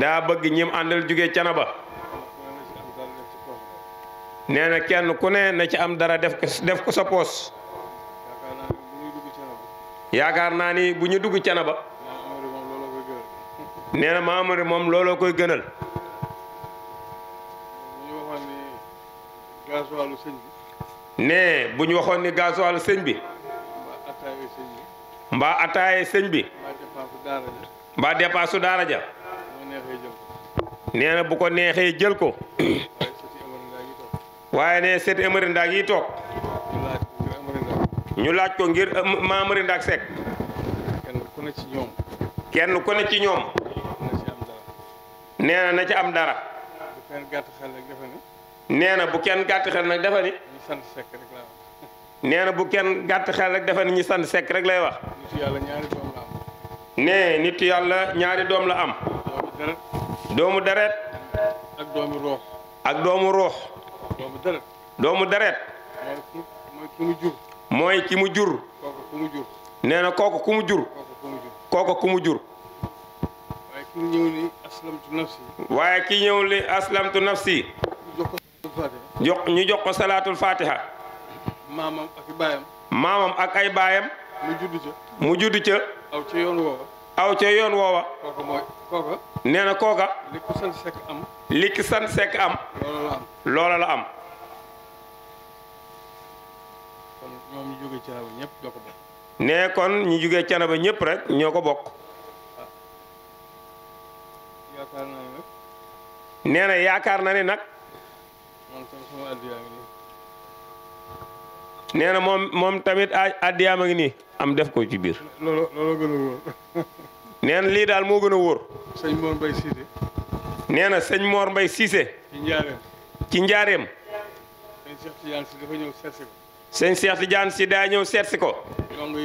daa bëgg ñim àndal jóge Canaba nee na kenn ku ne na ci am dara def ko sa poos yaakaar naa ni bu ñu dugg Canaba nee na Maamari moom looloo koy gënal nee bu ñu waxoon ni gaasuwaalu sëñ bi mbaa ataaye sëñ bi mbaa dépaasu daara ja nee na bu ko neexee jël ko waaye ne seeti Amari Ndaak yi toog ñu laaj ko ngir euh, ma Amari Ndaak Seck kenn ku ci ñoom kenn ku ne ci ñoom nee na ci am dara nee na bu kenn gàtt xel nag dafa ni nee na bu kenn gàtt xel rek dafa ni ñu sant Seck rek lay wax nee nitu yàlla ñaari doom la am doomu deret ak doomu ruux. ak doomu ruux. doomu deret. doomu deret. mooy ki mu jur. mooy ki mu jur. kooku ku nee na kooku ku mu jur. kooku ku mu jur. waaye ki ñëw ni aslamtu nafsi. waaye ki ñëw ni aslamtu nafsi. jox ñu jox ko salaatul fatiha. maamam ak ay baayam. mu judd ca. mu ca. aw ca aw ca yoon woowa. kooka kooka. nee na kooka. li ku sant sekk am. li ki sant loola la am kon ñu jógee Canaba ñëpp nee kon ñu jógee Canaba ñëpp rek ñoo ko bokk. Ah, yaakaar na yaakaar na ne nag. moom nee na moom moom tamit addiyaam a am def ko ci biir. nee lii daal moo gën a wóor. sëñ Mor Mbaye Cissé. nee na sëñ Mor Mbaye Cissé. ci njaareem. ci njaareem. sëñ Cheikh Tidiane si dafa ñëw si daa ñëw seet si ko. dong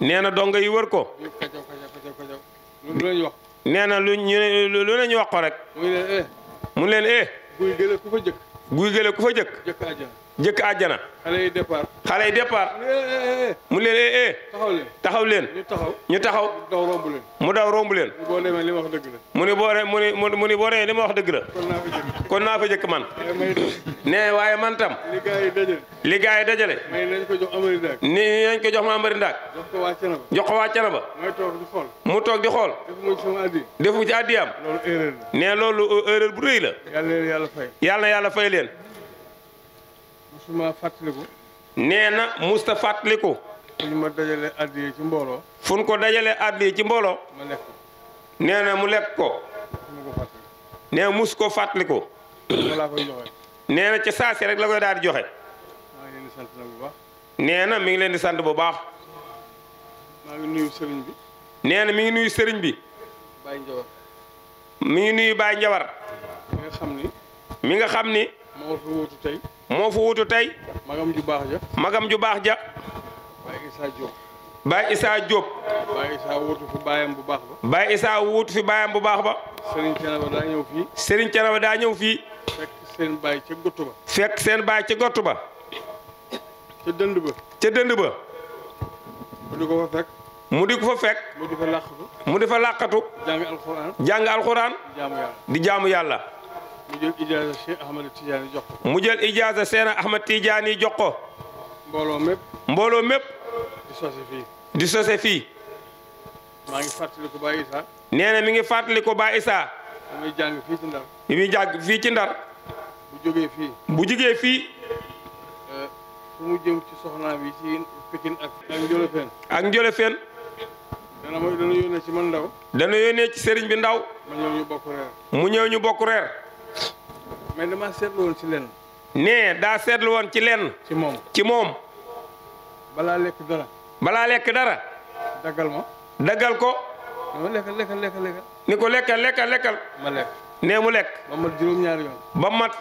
yi na dong yi wër ko. ñu lu ñu nee na lu ñu wax ko rek. mu leen eh. mu eh. guy gële ku fa jëkk. guy gële ku fa jëkk. njëkk àjjana. xale yi départ. xale yi départ. Eh, eh, eh. mu leen eh eh. taxaw leen taxaw leen. ñu taxaw ñu taxaw. mu daw romb leen. mu wax dëgg la. mu ni boo demee mu ni mu ni boo demee wax dëgg la. kon naa fa jëkk. man. nee waaye man tam. li yi dajale. li gars yi nañ ko jox amari ndaag. nii nañ jox ma amari jox ko waa Canaba. ba xool. mu toog di xool. defu ci sama ci addiyaam. loolu erreur nee loolu erreur bu rëy la. yàlla yàlla yàlla na yàlla fay leen musuma fàttaliku. nee na musta fàttaliku. fu ñu mbooloo. fu ko dajalee addiya ci mbooloo. ma lekk ko. nee na mu lekk ko. mus ko fàttaliku. nee na ca saasi rek la koy daal di joxe. nee na mi ngi leen di sant bu baax. maa ngi nuyu na mi ngi nuyu sëriñ bi. mi ngi nuyu Baye Ndiawar. mi nga xam ni. mi nga xam ni. moo fi moo fu wutu tey. magam ju baax ja. magam ju baax ja. Baye Issa Diop. Baye Issa fi baayam bu baax ba. Baye Issa wuutu fi baayam bu baax ba. daa ñëw fii. Serigne Thiénaba daa ñëw fii. fekk seen baay ca gott ba. fekk seen baay ca gott ba. ca dënd ba. ca dënd ba. mu di ko fa fekk. mu di ko fa fekk. mu mu di làqatu. jàng alxuraan. jàng di jaamu yàlla. mu jël ijaaza Cheikh Ahmed Tidiane jox ko. mu jël ijaaza Cheikh Ahmed Tidiane jox ko. mbooloo mépp. mbooloo mépp. di sose fii. di sose fii. maa ngi fàttali ko Ba Issa. nee na mi ngi fàttali ko Ba Issa. bi muy jàng fii ci Ndar. bi muy fii ci Ndar. bu fii. bu jógee fii. Eh, fu mu jëm ci soxnaa yi ci Pikine ak. ak ak Njolofeen. dana dana yónnee ci man ndaw. dana yónnee ci sëriñ bi ndaw. mu ñëw ñu bokk mais dama seetlu woon ci lenn. nee daa seetlu woon ci lenn. ci moom ci moom. balaa lekk dara. lekk dara. daggal ma. daggal ko. ni ko lekkal lekkal lekkal. ni ko lekkal lekkal lekkal. ma lekk. nee mu lekk. ba mat juróom-ñaari yoon. ba mat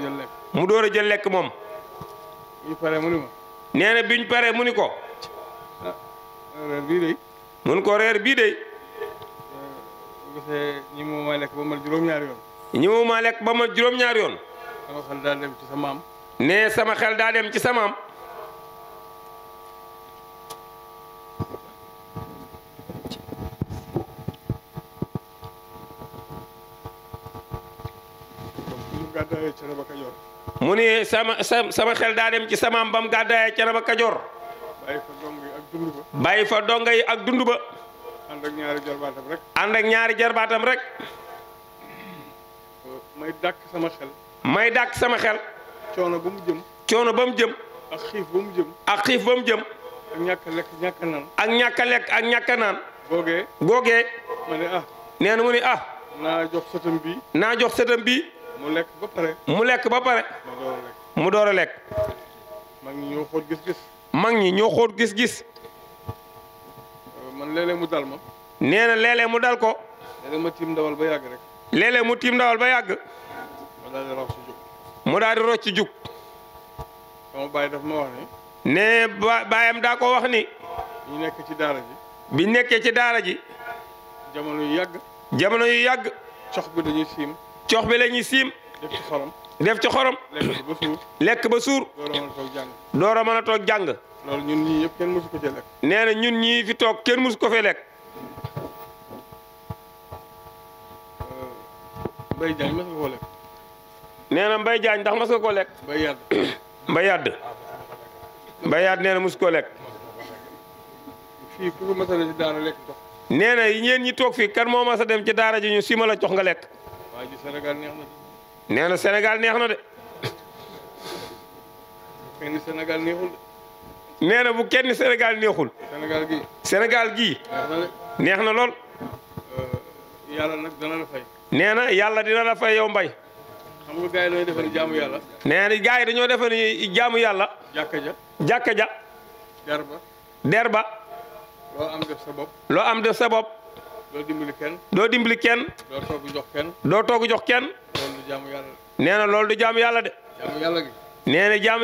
juróom mu door a jël lekk. mu door moom. biñ pare mu ni ma. nee na paree mu ni ko. Ah, reer bii de. mun ko reer bii de. Eh, bu gisee ñi moom may lekk yoon. ñëwuma lekk ba ma juróom-ñaar yoon. sama xel daa dem ci sa maam. nee sama xel daa dem ci sa maam. mu ne sama sama xel daa dem ci sa maam ba mu gàddaayee Canaba Kajoor. bàyyi fa dong yi ak dund ba. bàyyi fa ak ñaari jarbaatam rek. may dàkk sama xel. may dàkk sama xel. coono ba mu jëm. coono ba mu jëm. ak xiif ba mu jëm. ak xiif ba mu jëm. ak ñàkk a lekk ñàkk a naan. ak ñàkk a ak ñàkk naan. googee. googee. ma ah. na mu ne ah. naa jox sëtam bi naa jox sëtam bi mu lekk ba pare. mu lekk ba pare. door a lekk. mag ñi ñoo xóot gis-gis. mag ñi ñoo xóot gis-gis. Euh, man léeg mu dal ma. nee na léeg mu dal ko. tiim ndawal léeg mu tiim ndawal ba yàgg. mu daal di rocc jug. mu daal di rocc jug. sama baay daf ma baayam daa ko wax ni. bi nekk ci daara ji. bi nekkee ci daara ji. jamono yu yàgg. jamono yu yàgg. cox bi dañuy siim. cox bi la ñuy siim. def ci xorom. def ci xorom. lekk ba suur. lekk ba suur. doora mën a toog jàng. doora mën yëpp nee na ñun ñii fi toog kenn mësu ko fee lekk. Mbaye Diagne mas na Mbaye ndax mas nga koo lekk. Mbaye Yade. Mbaye Yade. Mbaye Yade nee na lekk. fii ku ko mas a ñeen ñi toog fii kan moo mas dem ci daara ji ñu sima la jox nga lekk. waa ji neex na de. nee na Sénégal neex na de. kenn Sénégal bu kenn senegal neexul. senegal gii. Sénégal gii. neex na lool. Euh, yàlla nag dana la nee na yàlla dina la fay yow mbay. xam nga gars yi dañoo defe ni jaamu yàlla. nee na yi dañoo defe ni yàlla. jàkka ja ja. derba. derba. loo am def sa bopp. loo am def sa bopp. doo dimbali kenn. doo dimbali doo toogu jox kenn. doo toogu du jaamu yàlla de. nee na loolu du jaamu yàlla de. jaamu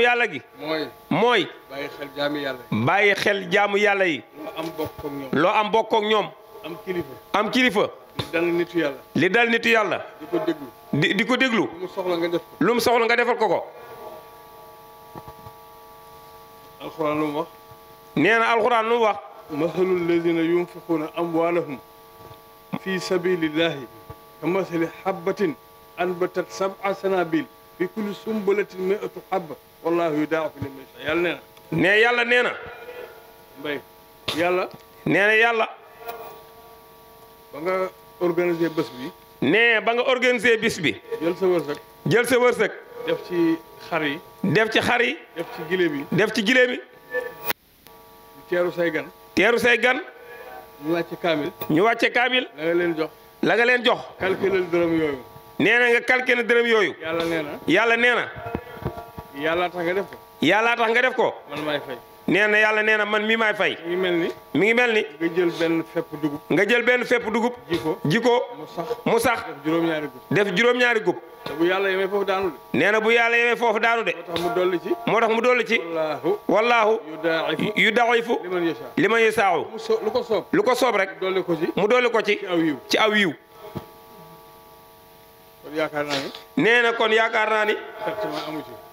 yàlla gi. nee mooy. mooy. bàyyi xel jaamu yàlla yi. xel jaamu yàlla yi. loo am bokk ak loo am bokk ñoom. am kilifa. am kilifa. li dal nitu yàlla. li dal nitu yàlla. di ko déglu. di ko déglu. lu soxla nga def ko. lu soxla nga defal ko ko. alxuraan lu wax. nee na alxuraan lu wax. masalul lazina yunfiquuna amwaalahum fi sabilillahi kamasali habbatin anbatat sab'a sanabil fi kulli sumbulatin mi'atu habba wallahu yudaa'ifu liman yashaa yàlla nee na. nee yàlla ba nga organiser bés bi. nee ba nga organiser bis bi. jël sa wërsëg. jël sa wërsëg. def ci xar yi. def ci xar def ci gileem yi. def ci gileem yi. teeru say gan. teeru say gan. ñu wàcce kaamil. ñu wàcce kaamil. la nga leen jox. la nga leen jox. calculer dërëm yooyu. nee na nga calculer dërëm yooyu. yàlla nee na. yàlla nee na. yàlla tax nga def ko. yàlla tax nga def ko. man maay nee na yàlla nee na man mii maay fay. mi mel ni. mi ngi mel ni. nga jël benn fepp dugub. nga jël benn fepp dugub. ji ko ji ko mu sax. def juróom-ñaari gub. def juróom gub. bu yàlla yemee foofu daanu de. nee na bu yàlla yemee foofu daanu de. moo tax mu dolli ci. moo tax mu dolli ci. wallaahu. wallaahu. yu daaxifu. li man yasaaw li lu ko soob. lu ko soob rek. mu dolli ko ci. mu dolli ko ci. ci aw yiw ci aw yiw. kon yaakaar naa kon yaakaar naa ni.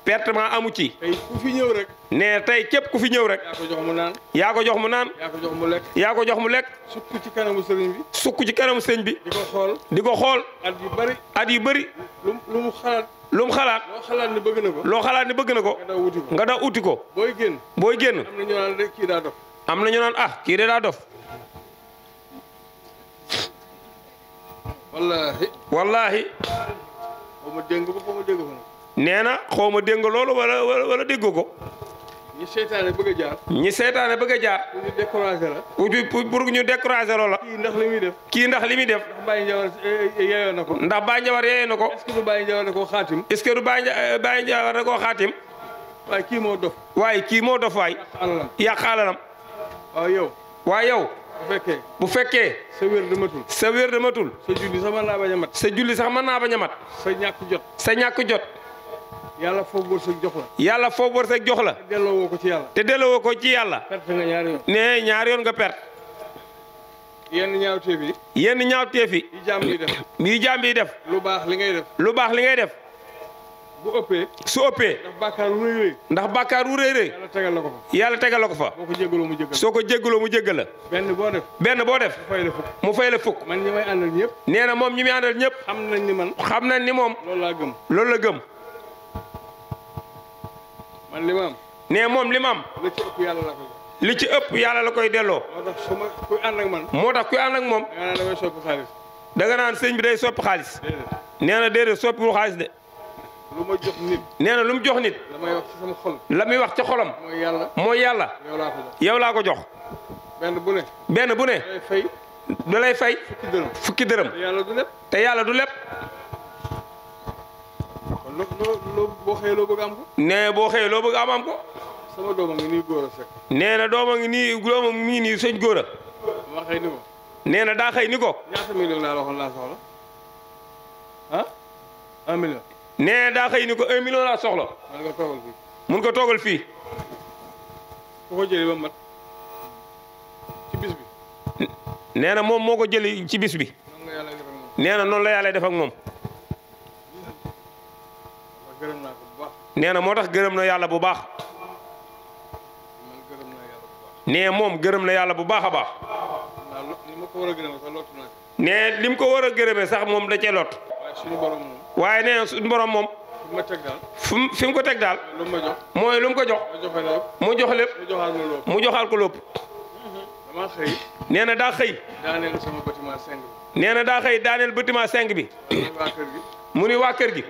pertement amu ci. tey ku fi ñëw rek. nee tey képp ku fi ñëw rek. yaa ko jox mu naan. yaa ko jox mu naan. yaa lekk. yaa ko jox mu lekk. sukk ci kanamu sëriñ bi. sukk ci kanamu sëriñ bi. di xool di ko xool. at yu bëri. at yu bëri. lu mu xalaat. lu xalaat. loo xalaat ni bëgg na ko. loo xalaat ni bëgg na ko. nga daw uti ko nga daw uti booy génn. booy génn. am na ñu naan rek kii daa dof. am na ñu naan ah kii de daa dof. wallaahi. wallaahi. xaw ma nee na xaw ma dégg nga loolu wala wala déggoo ko. ñi seetaane bëgg jaar. ñi seetaane bëgg a jaar. pour ñu décourager la. pour ñu décourager loola. kii ndax li muy def. kii ndax li muy def. ndax Baye Ndiawar eh, eh, yeeyoo na ko. ndax Baye Ndiawar na ko. est-ce que du xaatim. est-ce que du Baye Ndiawar da ko eh, xaatim. waaye kii moo dof. waaye kii moo dof waay. yàq alalam yàq alalam. waaw yow. waaye yow. bu fekkee bu fekkee. sa wér de matul. sa de matul. sa julli sax mën naa bañ mat. sa julli sax mën naa bañ a mat. sa ñàkk jot. sa ñàkk jot. yàlla foofu wërsëg jox la. yàlla foofu wërsëg jox la. te delloo ko ci yàlla. te delloo ko ci yàlla. perte nga ñaari yoon. nee ñaari yoon nga perte. yenn ñaawteef yi. yenn ñaawteef yi. yi jaam yi def. yi def. lu baax li ngay def. lu baax li ngay def. bu ëppee. su ëppee. ndax bàkkaar wu rëy rëy. ndax bàkkaar wu rëy yàlla tegal la ko fa. yàlla tegal ko fa. soo ko jégaloo mu jégal soo ko jégaloo mu jégal la. benn boo def. benn boo def. mu fay la fukk. mu fay la fukk. man ñi may àndal ñëpp. nee na moom ñi muy àndal ñëpp. xam nañ ni man. xam nañ ni moom. loolu laa gëm. loolu la gëm. man li ma am. nee moom li ma li ci ëpp yàlla la koy. li delloo. moo tax kuy ànd man. moo tax kuy ànd moom. da nga naan damay soppi xaalis. da nga naan sëñ bi day soppi xaalis. nee na déedéet soppiwul xaalis de. lu ma jox nit. nee na lu mu jox nit. la may wax ci sama xolam. mooy yàlla. mooy yàlla. yow laa ko jox yow benn bu ne. benn lay fay. da fukki dërëm. fukki te yàlla du lépp. loo loo boo xëyee loo bëgg am ko. nee boo xëyee loo bëgg am am ko. sama doom ngi nii góor sekk. nee na doom a ngi nii doom a ngi nii sëñ góor a. ma xëy ko. nee na daa xëy ni ko. ñaata million laa waxoon laa soxla ah un million. nee ko un soxla. man nga toogal fii. mun ko toogal fii. ku ko jëlee ba mat ci bis bi. nee na moom moo ko jëli ci bis bi. nee na noonu la yàlla def ak moom. nee na moo tax gërëm na yàlla bu baax. nee moom gërëm na yàlla bu baax a baax. nee li mu ko war a gërëme sax moom da cee lot. waaye nee na borom moom. fi mu fi mu ko teg daal. mooy lum ko jox. mu jox lépp mu joxaal ko lépp. nee na daa xëy. nee daa xëy daaneel bâtiment cinq bi. mu ni waa kër gi.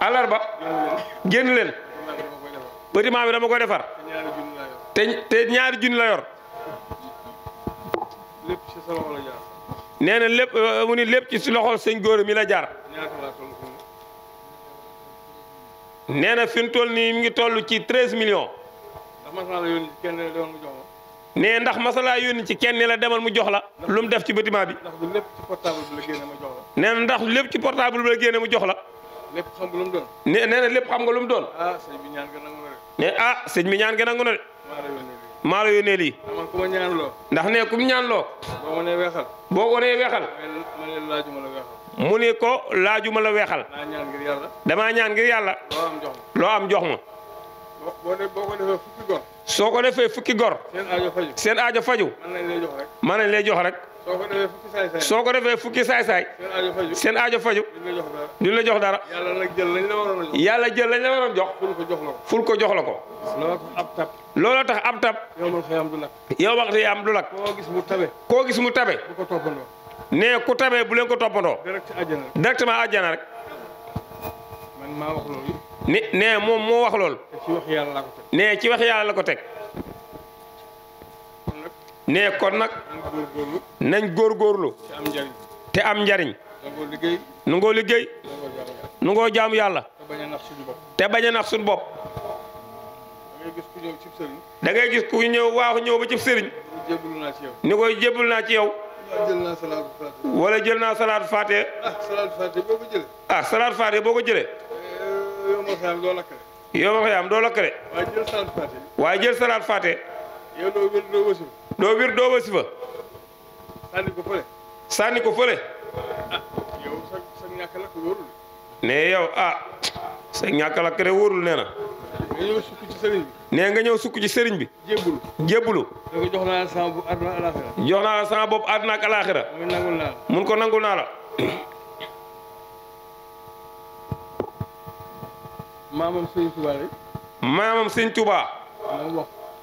alarba génn leen bâtiment bi dama koy defar te ñaari junni la yor nee na lépp euh, mu lépp ci si loxol sëñ góor mi la jaar nee na fi mu nii mi ngi toll ci treise millions nee ndax masalaa yónni ci kenn la demal mu jox la lu mu def ci bâtiment bi nee na ndax lépp ci portable bi la génne mu jox la lépp xam nga lu doon. lépp xam nga lu mu doon. ah sëñ bi ñaan nga nangu na de. ne ah sëñ bi ñaan nga nangu de. maa la yónnee ah, ma ñaan loo. ndax ne ku mu ñaan loo. boo ma nee weexal. boo ko weexal. laajuma la weexal. mu ne ko laajuma la weexal. damaa ñaan ngir yàlla. damaa loo am jox ma. loo am boo ko defee fukki soo ko defee fukki gor. seen aajo faju. seen aajo faju. mën nañ lay jox rek. lay jox rek. soo ko defee fukki saay-saay seen aajo faju duñ la jox dara yàlla jël lañ la waroon jox ful ko jox la ko looloo tax ab tab yow waxtu yaam du lakk koo gis mu tabe ne ku tabe bu leen ko toppandoo directement àjjana rek ne moom moo wax lool ne ci wax yàlla la ko teg nee kon nag nañ góorgóorlu te am njariñ nu ngoo liggéey nu ngoo jaamu yàlla te bañ a nax suñu bopp da gis ñëw waa ñëw ba cib sëriñ ni koy jébbal naa ci yow wala jël naa salaatu faate ah salaatu faate boo ko jëlee yow xayaam doo lakkale waaye jël salaatu faate yow sànni ko fële. Ah, ñàkk lakk nee yow ah sa ñàkk na. nga ñëw sukk ci sëriñ bi. nee nga ñëw sukk ci sëriñ bi. jébulu jébulu. jox naa la sama bopp àdduna alaaxira. mun ko nangul naa la. maamam sëñ Touba maamam sëñ Touba.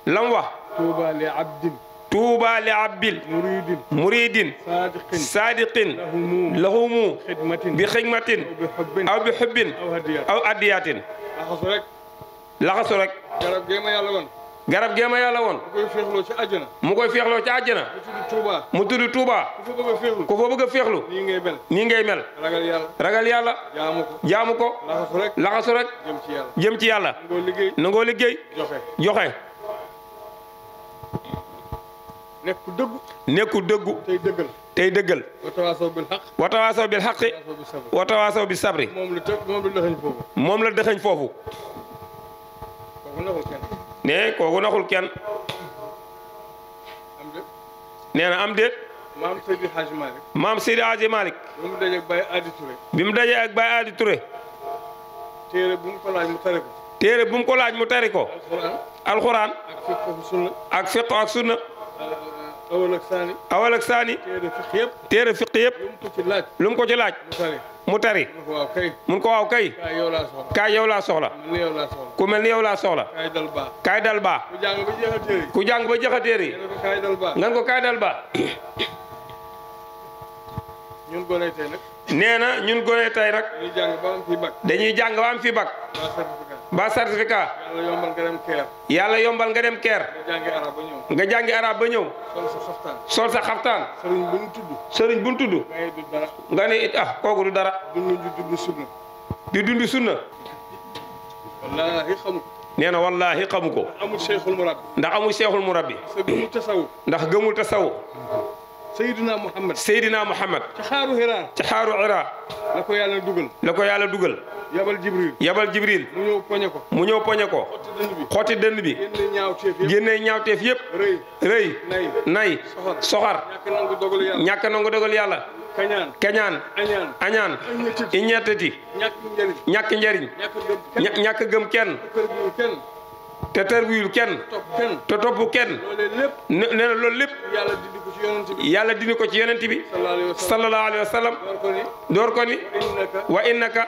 la mu طوبى لعبد طوبى لعبد مريد مريد صادق صادق لهم بخدمة أو بحب أو أديات laxasu rek. laxasu rek. garab géema yàlla woon. garab géema yàlla woon. mu koy féexloo ci àjjana. mu koy féexloo ci àjjana. mu tudd Touba. mu tudd Touba. ku fa bëgg a féexlu. ku fa bëgg a féexlu. nii ngay mel. nii ngay mel. ragal yàlla. ragal yàlla. jaamu ko. jaamu ko. laxasu rek. laxasu rek. jëm ci yàlla. jëm ci yàlla. nangoo liggéey. nangoo liggéey. joxe. joxe. nekk ku dëggu. nekk ku dëggu. tey dëggal. tey dëggal. watawaasaw bil xaq. watawaasaw bil sabri. moom la të moom la dëxëñ foofu. moom la dëxëñ naxul kenn. nee am déet. maam Seydi Hadji Malick. mu dajee ak Baye Adi Touré. bi mu mu ko laaj mu tari ko. téere sunna. awal ak saani. awal lu ko ci laaj. mu ko ci tari. mun ko waaw kay. kaay yow soxla. ku mel ni yow soxla. kaay dal ba a ku jàng ba jeex a téere. ko kaay dal baa. ñun gone tey ñun gone tey nag. dañuy jàng ba am fi bag. mbaa certificat. yàlla yombal nga dem keer. yàlla nga jàngi arab ba ñëw. nga jàngi arab ba sa xaftaan. sol sa xaftaan. bu nu tudd. sëriñ bu ah, di dund sunna. wallaahi xamu nee na wallaahi xamu ko. ndax amul seexul murabbi. ndax amul seexul murabbi. ndax gëmul tasawu. ndax gëmul tasawu. Seydina Muhammad Seydina Muhammad ca xaaru Hira la ko yàlla dugal yabal Jibril yabal Jibril mu ñëw poñe xotti dënd bi génne ñaawteef yëpp rëy rëy nay soxar ñàkk nangu dogal yàlla kañaan kañaan añaan iñettati ñàkk njariñ ñàkk gëm kenn te tër kenn te topp kenn nee na lépp yàlla dindi ko ci yonent bi sallallahu alayhi wa sallam door ko ni wa innaka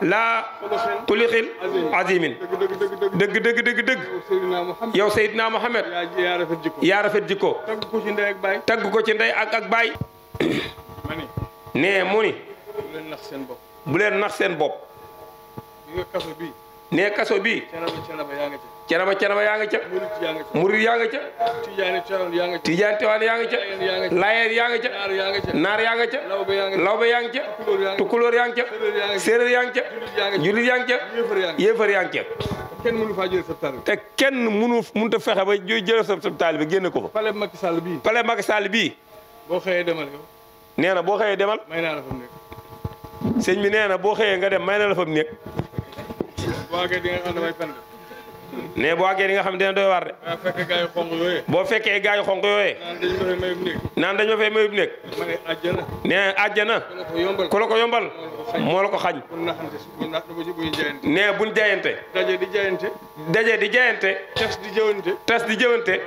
laa xuluqin azimin dëgg dëgg dëgg dëgg yow Seydina Mohamed yaa rafet jikko tagg ko ci ndey ak ak baay nee mu ni bu leen nax seen bopp nee kaso bii ceneba ceneba yaa nga ca murid yaa nga ca tijaan tewaan yaa nga ca laayeen yaa nga ca naar yaa nga ca lawbe yaa nga ca tukulóor yaa nga ca séeréer yaa nga ca julit yaa nga ca yéefar yaa nga ca mënu faa jëlee sab taalibe te kenn mënu mënut a fexe ba jëlee sab taalibe bi génne ko fa palais Macky Sall bii palais Macky Sall bii nee boo xëyee demal may naa la fa mu boo xëyee nga dem may la fa mu ne boo àggee li nga xam ne dina doy waar de. Ah, boo fekkee gars yu xonq naan dañu ma fay mayub nekk. ne àjjana. ku la ko yombal. moo la ko xañ. nee buñ jaayante. daje di jaayante. daje di jaayante. tas di jëwante. tas di jëwante.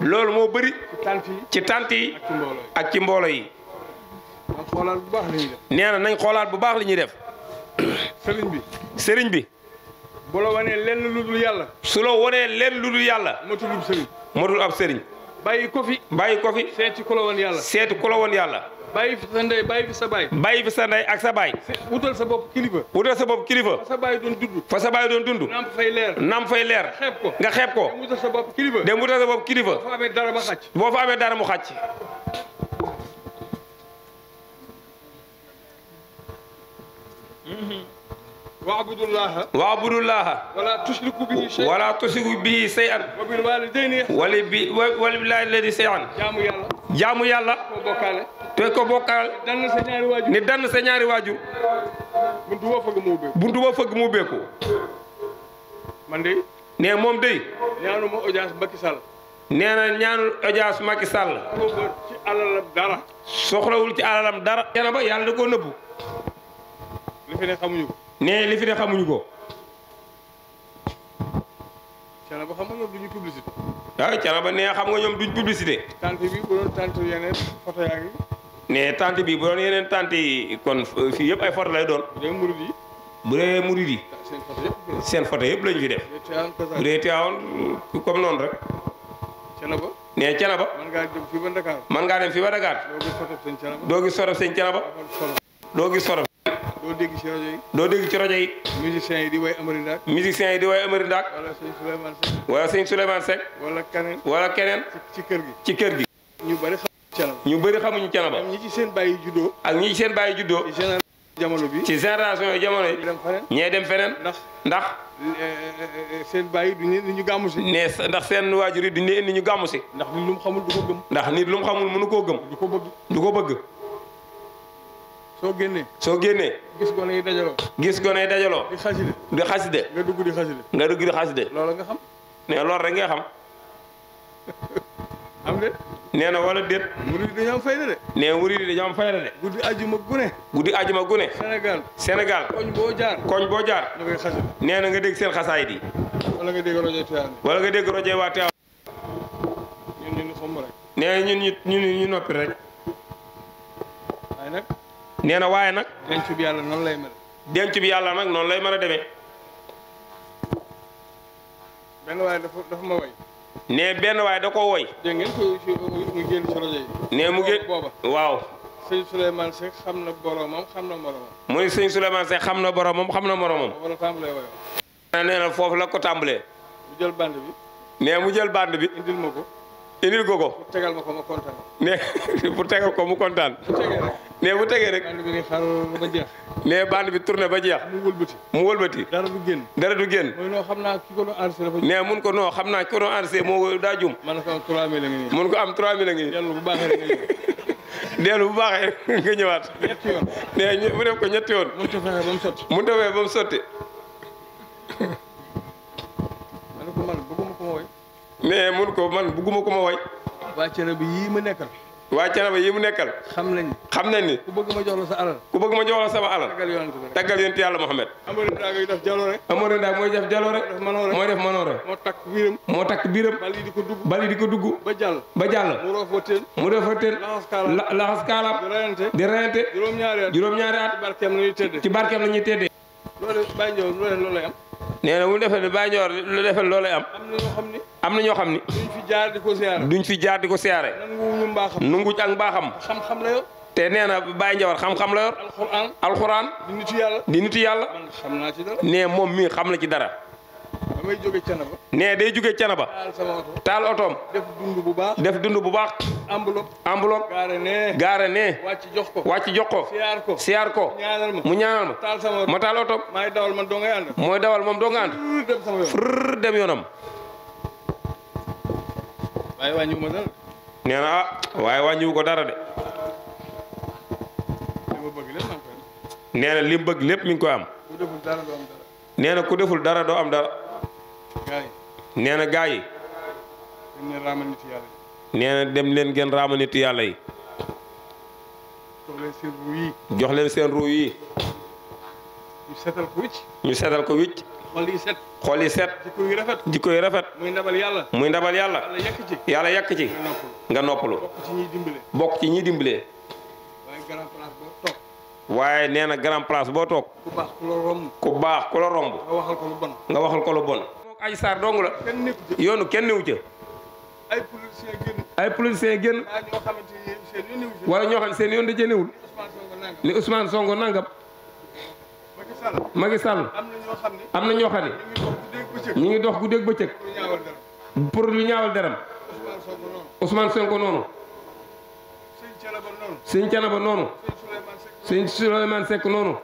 loolu moo bëri. ci tant yi. ak ci mboolo yi. nee na nañ xoolaat bu baax li ñuy def. sëriñ sëriñ bi. bu la wanee lenn lu dul yàlla. su la wanee Motul lu dul yàlla. matul ab sëriñ. matul ab sëriñ. bàyyi ko fi. bàyyi ko fi. seeti ku la woon yàlla. seeti ku la woon yàlla. bàyyi fi sa ndey bàyyi fi sa baay. bàyyi fi sa ndey ak sa baay. wutal sa bopp kilifa. wutal sa bopp kilifa. fa sa baay doon dund. fa sa baay doon dund. naam fay leer. naam fay leer. xeeb ko nga xeeb ko. dem wutal sa bopp kilifa. dem wutal sa kilifa. fa dara ma fa dara mu waabudullaha waabudullaha wala tushriku bihi shay'an wala tushriku bihi shay'an wa bi wali billahi alladi shay'an jaamu yàlla jaamu yàlla ko bokkaale te sa ñaari waajur ni dann sa ñaari waajur buntu boo fëgg mu beeku buntu moom de ñaanu ma audience Macky Sall nee na ñaanul audience Macky Sall ci alalam dara soxlawul ci alalam dara yàlla ba yàlla nëbbu xamuñu nee li fi ne xamuñu ko. Thiénaba xam nga ñoom duñu publicité. waaw ah, nee xam nga ñoom duñ publicité. bu doon tante yeneen photo yaa ngi. nee tante bii bu doon yeneen tante yi kon fii yëpp ay photo lay doon. bu dee murid yi. bu dee murid yi. Ah, seen photo yëpp lañu fi def. bu dee Tiwaawan comme noonu rek. Thiénaba. nee Thiénaba. man ngaa dem fii ba Dakar. ngaa dem fii ba Dakar. doo gis sorof seen Thiénaba. doo gis sorof. doo dégg ci rajo yi. doo dégg ci rajo yi. yi di way Amary Ndack. musiciens yi di way Amary Ndack. wala sëñ Souleymane Seck. wala sëñ Souleymane keneen. ci kër gi ci kër gi. ñu bëri xamuñu canaba. ñu bëri xamuñu canaba. ñi ci seen bàyyi juddoo. ak ñi ci seen bàyyi juddoo. ci jamono bi. ci génération yi jamono yi. ñee dem feneen. ndax ndax. Eh, eh, eh, seen bàyyi du ñu indi ñu gàmmu ne ndax seen waajur yi du ñu indi ñu gàmmu si. ndax nit lu xamul du ko gëm. ndax nit lu mu xamul mënu koo gëm. du ko bëgg. soo génnee. soo génnee. gis gone yi dajaloo. gis gone yi dajaloo. di xaside. di xaside. nga dugg di xaside. nga dugg di xaside. loolu nga xam. mais loolu rek nga xam. am déet. nee na wala déet. murid dañoo am fayda de. nee murid dañoo am fayda de. guddi ajuma gune. guddi ajuma gune. Sénégal. Sénégal. koñ boo jaar. koñ boo jaar. da nee na nga dégg seen xasaay di. wala nga dégg rajo Tivaouane. wala nga dégg rajo waa Tivaouane. ñun ñu xomb rek. ñun ñu noppi rek. nee na waaye nag. denc bi yàlla lay mel. denc bi yàlla nag noonu lay man a demee. benn dafa dafa ma nee benn waaye da ko woy. mu nee mu génn waaw. sëñ Souleymane Seck xam na boromam xam na moromam. mu xam na boromam xam na moromam. foofu la la ko tàmbalee. mu jël bande bi. nee mu jël bande bi. indil ma ko. indil ko ko. pour tegal ma ko mu kontaan. nee ko mu kontaan. nee bu tegee rek. bande bi day xaar bi tourné ba jeex. mu wëlbati mu wëlbati. dara du génn dara du génn. mooy xam naa ki ko doon mun ko non xam naa ki ko doon enregistré moo daa jum. mën ko am 3000 la mun ko am 3000 la ngi dellu bu baaxee rek nga bu baaxee ñëwaat. ñetti yoon mu def ko ñetti yoon. mënut a fexe ba mu sotti. mënut a ko man bëgguma ko ma woy. nee mun ko man bëgguma ko woy. waa canaba yi mu nekkal. xam nañ xam nañ ni. ku bëgg ma jox la sa alal. ku bëgg ma jox la sama alal. taggal yonent bi taggal yonent yàlla Muhammad. Amady Ndaa ngay def jaloore. Amady Ndaa mooy def jaloore. mooy def manoore. moo takk biiram. moo takk biiram. bali di ko dugg bali di ko dugg. ba jàll ba jàll. mu roof fa teen. mu roof fa teen. laxas kaalaam laxas kaalaam. di rayante di rayante. juróom-ñaari at juróom-ñaari at. ci barkeem la ñuy tëddee. ci barkeem la ñuy tëddee. loolu bàyyi ñëw loolu lay am. nee na bu ne Baay Njoor lu defee loolay am. am na ñoo xam ni. duñ fi ko siyaare. duñ fi jaar di ko siyaare. nanguwuñu mbaaxam nanguwuñu ak mbaaxam. xam-xam la yor. te nee na Baay Njoor xam-xam la yor. alxuraan alxuraan. di yàlla di nitu yàlla. nee moom mii xam la ci dara. damay jóge Canaba. nee day jóge Canaba. taal sama oto taal otoom. def dund bu baax def dund bu baax. enveloppe enveloppe. gaare nee gaare nee. wàcc jox ko wàcc jox ko. siyaar ko siyaar mu ñaanal ma. taal sama oto ma taal otoom. maay dawal man mooy dawal ma doo nga ànd. dem sama yoon furr dem yoonam. waaye wàññiwu nee na ah waaye wàññiwu ko dara de. nee na li mu bëgg lépp mi koy am. nee na ku deful dara doo am dara. nee na gaa na dem len gen ramani nitu yalla yi. jox len sen ruu yi. jox sen yi. ñu setal ko wicc. ñu setal ko set. xool yi set. jikko yi rafet. jikko rafet. muy ndabal yàlla. muy ndabal yàlla. yàlla yàkk ci. nga ci grand place bo tok grand place ku bax ku ku ku la romb. nga waxal ko lu bon. nga waxal ko lu bon. Adji Sarr dong la. yoonu kenn newu ca. ay politicien génn. ay génn. wala ñoo xam seen yoon da jënewul. ni Ousmane Sonko nangam. Macky am na ñoo xam ne. ñu ngi dox guddeeg bëccëg. pour lu ñaawal deram. Ousmane Sonko noonu. sëñ Thiénaba noonu. sëñ Souleymane Seck noonu.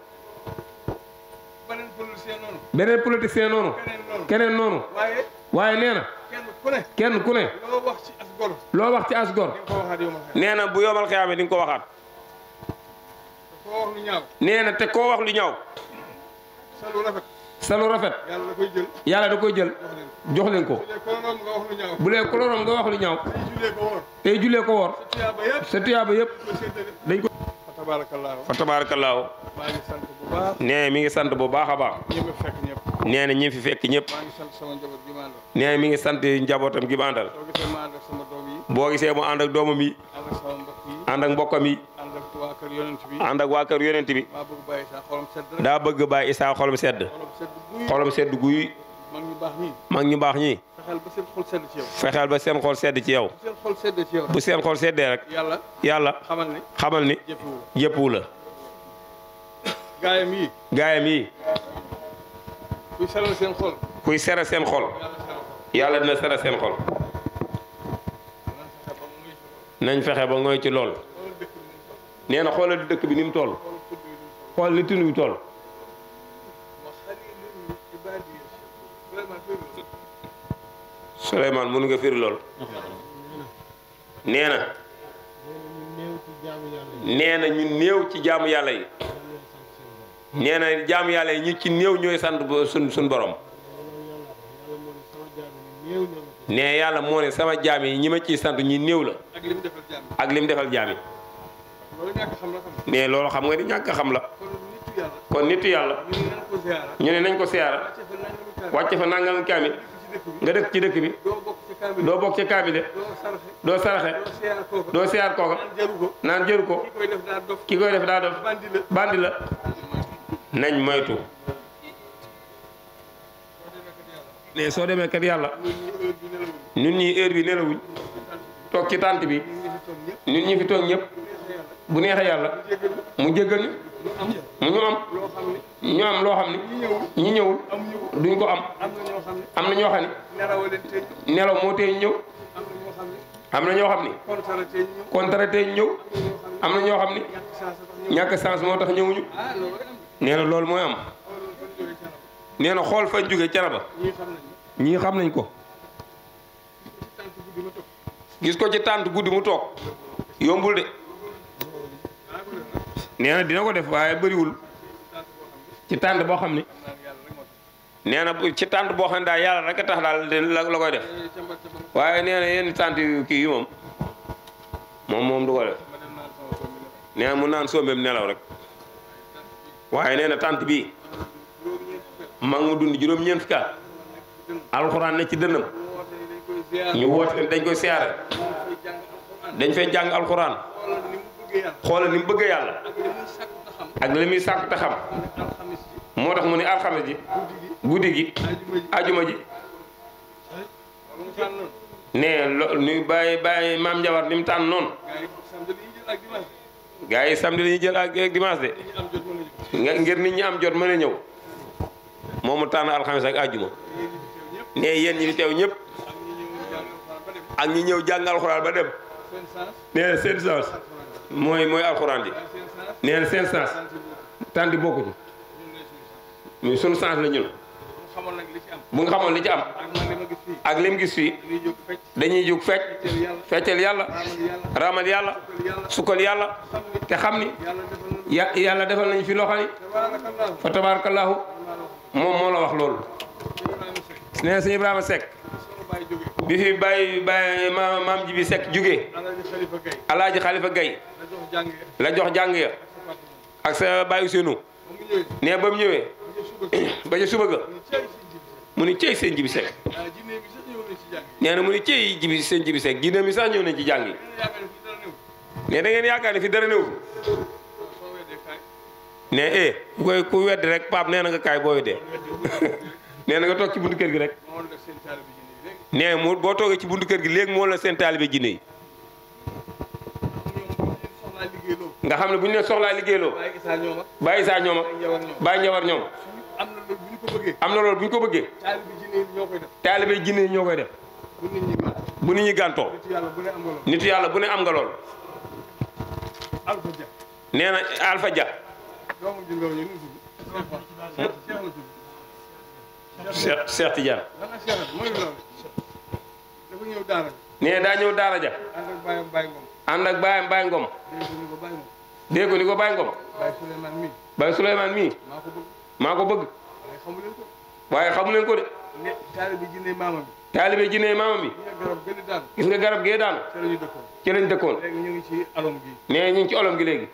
beneen politicien noonu. keneen noonu. waaye nee na. kenn ku ne. loo wax ci asgor. loo wax ci asgor. nee na bu yomal xiyaame di nga ko waxaat. nee na te koo wax lu ñaaw. salu rafet. salu yàlla da koy jël. yàlla da koy jël jox leen ko. bu dee kolorom nga wax lu ñaaw. tey jullee ko woor. tey jullee ko woor. dañ ko. fa tabaarakallaahu nee mi ngi sant bu baax a baax nee na ñi fi fekk ñëpp nee mi ngi sant njabootam gi ma àndal boo gisee mu ànd ak doomam yi ànd ak mbokkam yi ànd ak waa kër yonent bi daa bëgg bàyyi isaa xolam sedd xolam sedd guy mag ñu baax ñi fexeel ba seen xol sedd ci yow. fexeel ba seen xol sedd ci yow. bu seen xol sedd bu seen seddee rek. yàlla yàlla xamal ni xamal ni. jëppuwu la gaayam yi. gaayam yi. kuy seral seen xol. seen xol. yàlla dina sera seen xol. nañ fexe ba ngoy ci lool. nee na xoolal dëkk bi ni mu toll. xool li tund bi toll. Souleymane mënu nga firi loolu nee na nee na ñu néew ci jaamu yàlla yi nee na jaamu yàlla yi ñu ci néew ñooy sant suñ suñ borom nee yàlla moo ne sama jaam yi ñi ma ciy sant ñi néew la ak lim defal jaam yi nee loolu xam nga ni ñàkk xam la kon nitu yàlla ñu ne nañ ko siyaara wàcc fa nangam kaamil nga dëkk ci dëkk bi doo bokk ci kaa bi de doo saraxe doo siyaar kooka naan jëru ko ki koy def daa dof bandi la nañ moytu ne soo demee kat yàlla ñun ñi heure bi nelawuñ toog ci tànt bi ñun ñi fi toog ñëpp bu neexee yàlla mu jéggal mu ñu am ñu am loo xam ni ñi ñëwul duñ ko am am na ñoo xam ni nelaw moo tee ñëw am na ñoo xam ni contraté ñëw am na ñoo xam ni ñàkk chance moo tax ñëwuñu nee na loolu mooy am nee na xool fañ jóge Thiénaba ñii xam nañ ko gis ko ci tànt guddi mu toog yombul de nee na dina ko def waaye bariwul ci tànt boo xam ni na ci tànt boo xam ne daal yàlla rek tax daal la koy def waaye nee na yenn tànt kii yi moom du ko def nee mu naan sombeem nelaw rek waaye nee na tànt dund ne ci ñu dañ koy dañ fay ni mu bëgg ak li muy xam moo tax mu ne alxames ji guddi gi ajuma ji ne lo nuy bàyyi bàyyi maam Njawar ni mu tànn noon gars yi samedi lañuy jël ak dimanche de ngir nit ñi am jot ma a ñëw moom mu tànn alxames ak ajuma ne yéen ñi fi teew ñëpp ak ñi ñëw jàng alxuraan ba dem ne seen sens mooy mooy alxuraan bi neen seen sens tànn bokku ci mais sunu sens la ñun bu nga xamoon li ci am ak lim gis fii dañuy jóg fecc feccal yàlla ramal yàlla sukkal yàlla te xam ni yàlla defal nañu fi loxo ni tabarakallahu moom moo la wax loolu nee sëñ Ibrahima Seck bi fi bay bàyyi maam maam ji bi sekk jóge alaaji xalifa gay la jox jang ya. ya ak sa bàyyi seenu ne bam ñewé ba ci suba ga mu ni cey seen jibi sekk nee na mu ni cey jibi seen jibi sek jinne mi sax ñew na ci jang ne da ngeen yaakaar fi dara neew ne eh koy ku wedd rek pap nee na nga kay boy de nee na nga tok ci buntu keer gi rek ne mu boo toogee ci buntu kër gi léegi moo la seen taalibe jinne nga xam ne bu ñu leen soxlaa liggéeyloo bàyyi saa ñoom ak bàyyi njawar ñoom am na loolu bu ñu ko bëggee taalibe jinne yi ñoo koy def bu nit ñi gàntoo nitu yàlla bu ne am nga lool nee na Alpha dafa ñëw daara nee daa ñëw daara ja ànd ak baayam baay ngom ànd ak ko ni ko baay ngom baay Souleymane mii maa ko bëgg ko bëgg waaye xamu leen ko waaye xamu leen ko de ne taalibe jinne maama bi gis nga garab gee daanu ci lañu dëkkoon ci lañu dëkkoon léegi ñu ngi ci alom gi nee ñu ngi ci alom gi léegi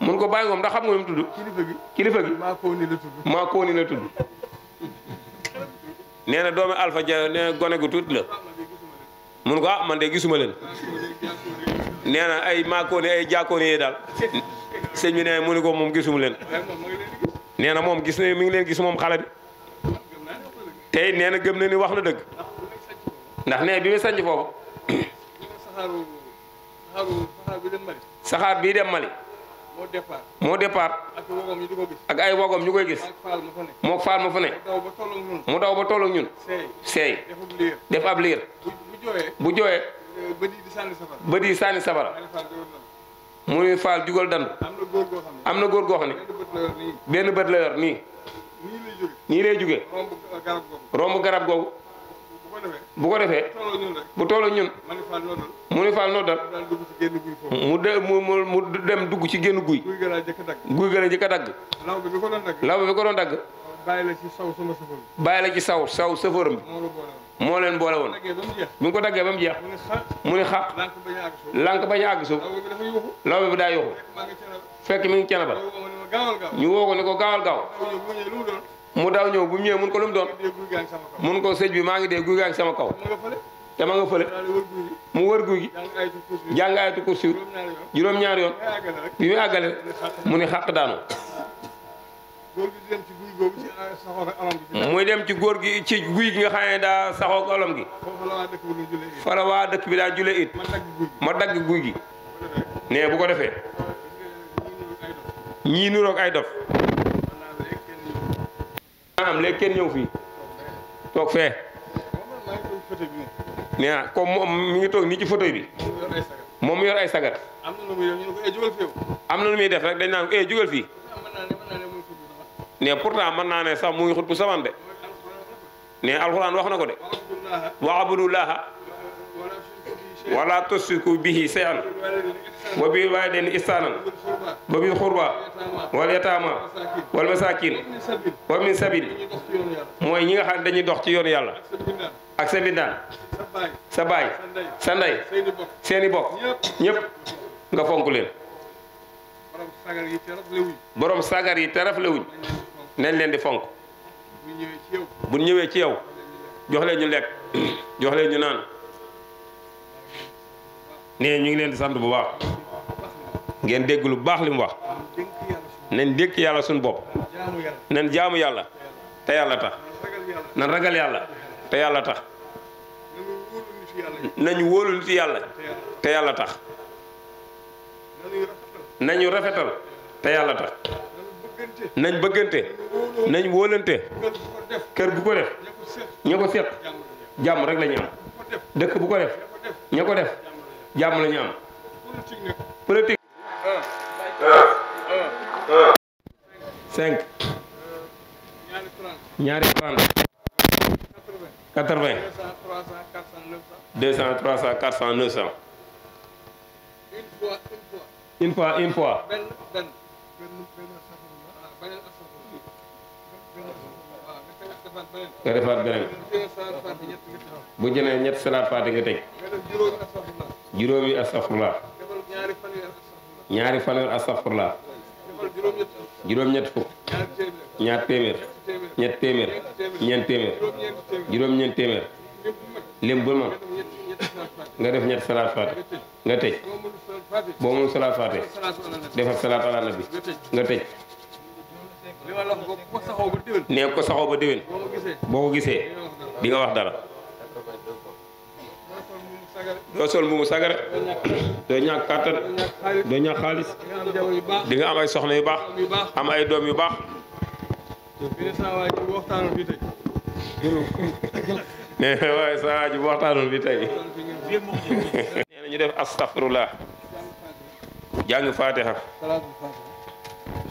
mun ko bàyyi ngoom ndax xam nga lu mu tudd kilifa gi maa kooni la la tudd nee na doomi alpha gone gu tuuti la mun ko ah man de gisuma leen nee na ay maakoone ay jaakoone yee daal sëñ bi nee mu ni ko moom gisuma leen nee na moom gis na mi ngi leen gis moom xale bi tey nee na gëm na ni wax na dëgg ndax nee bi mu sanc foofu saxaar bii dem Mali moo départ ak ay wogom ñu koy gis moo faal ma fa ne mu daw ba tolloog ñun seey def liir bu jooyee euh, bët yi sànni safara mu ni faal jugal dandu am na góor goo xam benn bët la yor nii nii lay jóge romb garab googu bu ko defee bu tooloo ñun mu ni faal noddal mu de mu mu dem dugg ci génn guy guy gën a jëkk a dagg law bi ko doon dagg bàyyi la ci saw sama sëfër bi la ci saw saw sëfëram bi moo leen boole woon bi mu ko daggee ba mu jeex mu ni xaq lànk bañ a àgg suuf law bi daa yuxu fekk mi ngi cene ba ñu woo ko ni ko gaawal gaaw mu daw ñëw bu mu ñëwee mun ko lu mu doon mun ko sëñ bi maa ngi dee guy gaa sama kaw te ma nga fële mu wër guy gi jàng ayatu kursi juróom-ñaari yoon bi muy àggale mu ni xàq daanu ah, muy dem ci góor gi ci guy gi nga xam daa saxoog olom gi fa waa dëkk bi daa jule it ma dagg guy gi ne bu ko defee ñii nuroog ay dof kanam léegi kenn ñëw fii toog fee nee na comme moom mi ngi toog ni ci fauteuil bi moom mu yor ay sagar am na lu muy def eh, rek dañ naan ko eh jugal fii ne pourtant mën naa ne sax mu ngi xut bu saman de ne alxuraan wax na ko de waxabudullaha wala tusriku bihi shay'an wa bil walidayni ihsanan wa bil qurba wal yataama wal masakin wa min sabil mooy ñi nga xam ne dañuy dox ci yoonu yàlla ak sa bindaan sa ndey seeni bokk ñépp nga fonk leen borom sagar yi taraf wuñ nañ leen di fonk bu ñëwee ci yow jox leen ñu lekk jox leen ñu naan nee ñu ngi leen di sant bu baax ngeen dégg lu baax li mu wax nañ dékk yàlla suñu bopp nañ jaamu yàlla te yàlla tax nañ ragal yàlla te yàlla tax nañu wóolu nit yàlla te yàlla tax nañu rafetal te yàlla tax nañ bëggante nañ wóolante kër bu ko def ña ko seq jàmm rek la ñu dëkk bu ko def ña ko def Jam la Politik. am. politique. cinq. fois une fois. une fois une fois. nga defaat beneen bu jëlee ñett salaat faati nga teg juróomi astafurlah ñaari fanweer astafurlah juróom-ñett fukk ñaar téeméer ñett téeméer ñeent téeméer juróom-ñeent téeméer lim bu man nga def ñett salaat faati nga tëj boo mun salaat faati defal salaat ala nabi nga tëj nee ko saxoo ba déwén boo ko di nga wax dara doo sol mu mu sagare doo ñàkk kàttan doo ñàkk di nga am ay soxna yu baax am ay doom yu baax nee na waaye saa bi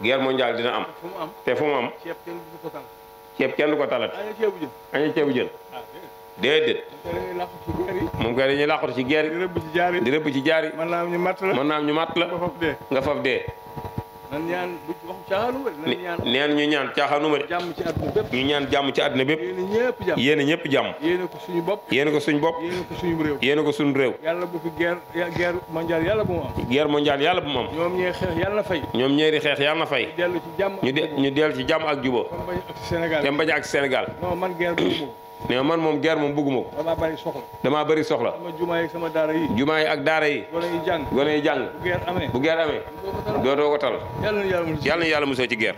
guerre mondiale dina am. te fu mu am. ceeb kenn du ko talat. aña ceebu jën. Ah, déedéet. moom kay dañuy làqatu ci guerre. di rëbb ci jaari. di rëbb ci jaari. mën naa am ñu matt la. mën naa ñu matt la. nga faf dee. neen ñu ñaan caaxaanuma de ñu ñaan jàmm ci àdduna bépp yéen a ñëpp jàmm yéen ko suñu bopp yéen ko suñu bopp yéen ko suñu réew yàlla bu fi guerre guerre mondiale yàlla bu mu am guerre mondiale yàlla bu mu am ñoom ñee xeex yàlla na fay ñoom ñee di xeex yàlla na fay ñu dellu ci jàmm ak jubóo te bañ ak Sénégal non ne man mom guerre mom bëgguma ko. damaa bëri soxla. dama bari soxla. sama jumaa yi sama daara yi. jumaa yi ak daara yi. gone jang jàng jang bu guerre amé bu guerre do do ko tal ñu yalla mu musal ci guerre.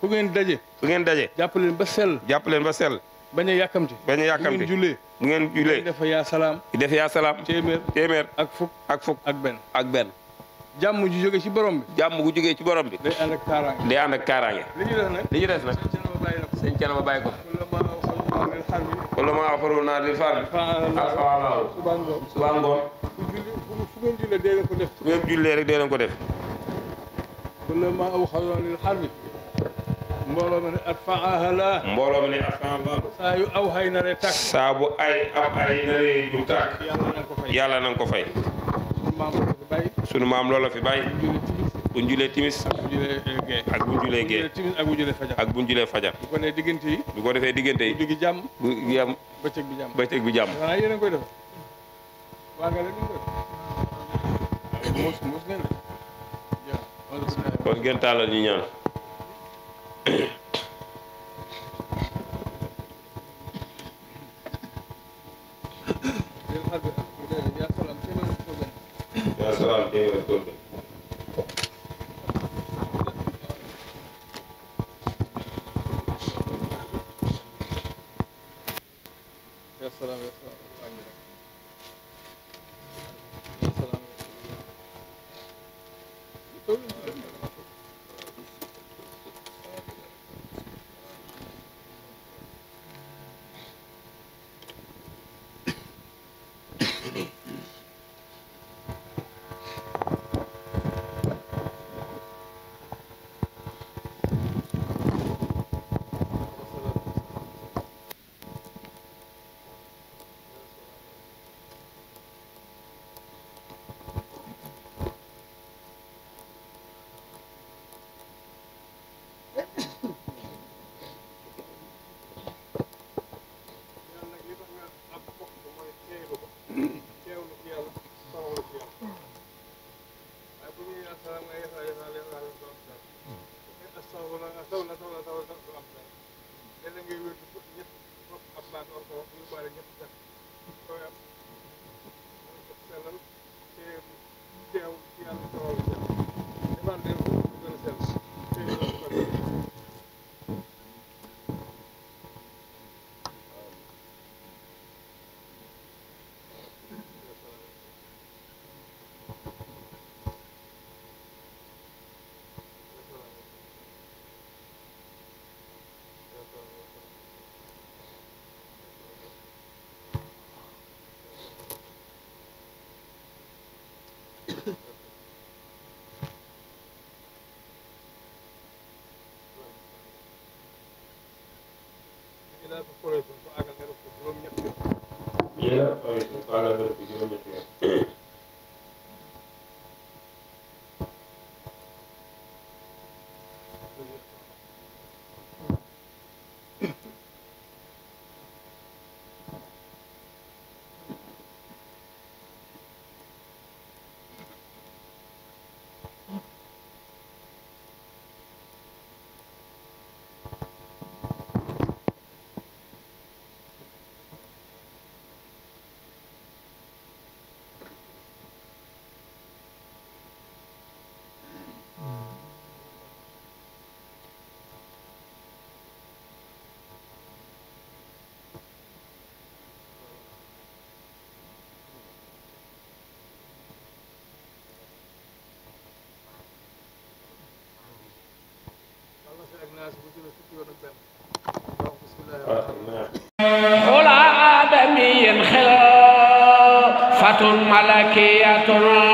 fu ngeen daje. fu ngeen daje. jàpp leen ba sell. japp leen ba sel bañ a yàkkamti. bañ a yàkkamti bu ngeen jullee. bu ngeen julé def ya salam def ya salam téeméer téeméer. ak fuk ak fuk ak ben ak ben jàmm ju jógee ci borom bi. jàmm gu jógee ci borom bi. day ànd ak kaaraange. day ànd ak kaaraange. li ñu des nag. li ñu des nag. sëñ Thiénaba bàyyi ko. wala maa waxoon naa li far bi. alhamdulilah subaa ngoon. subaa ngoon. fu ngeen jullee dee leen ko def. fu ngeen jullee rek dee leen ko def. wala maa waxoon naa li xar bi. mbooloo mi ne at faaha laa. mbooloo mi ne at faaha laa. saa yu aw xay naree tàkk. saa bu ay aw ay naree du tàkk. yàlla na nga ko fay. yàlla na nga ko fay. sunu maam loola fi bàyyi. Mm-hmm. bu julee timis ak bu julee gee ak bu ñu julee gee ak bu julee fajar ak bu julee fajar. bu ko nee diggante yi. bu ko defee diggante yi. guddi gi bu yam bëccëg bi jàmm bëccëg bi jàmm. waaw yéen a ngi koy def waa nga rek ñu mos mos ngeen kon ngeen Yeah, Era para esse pagador pedindo كل ملكية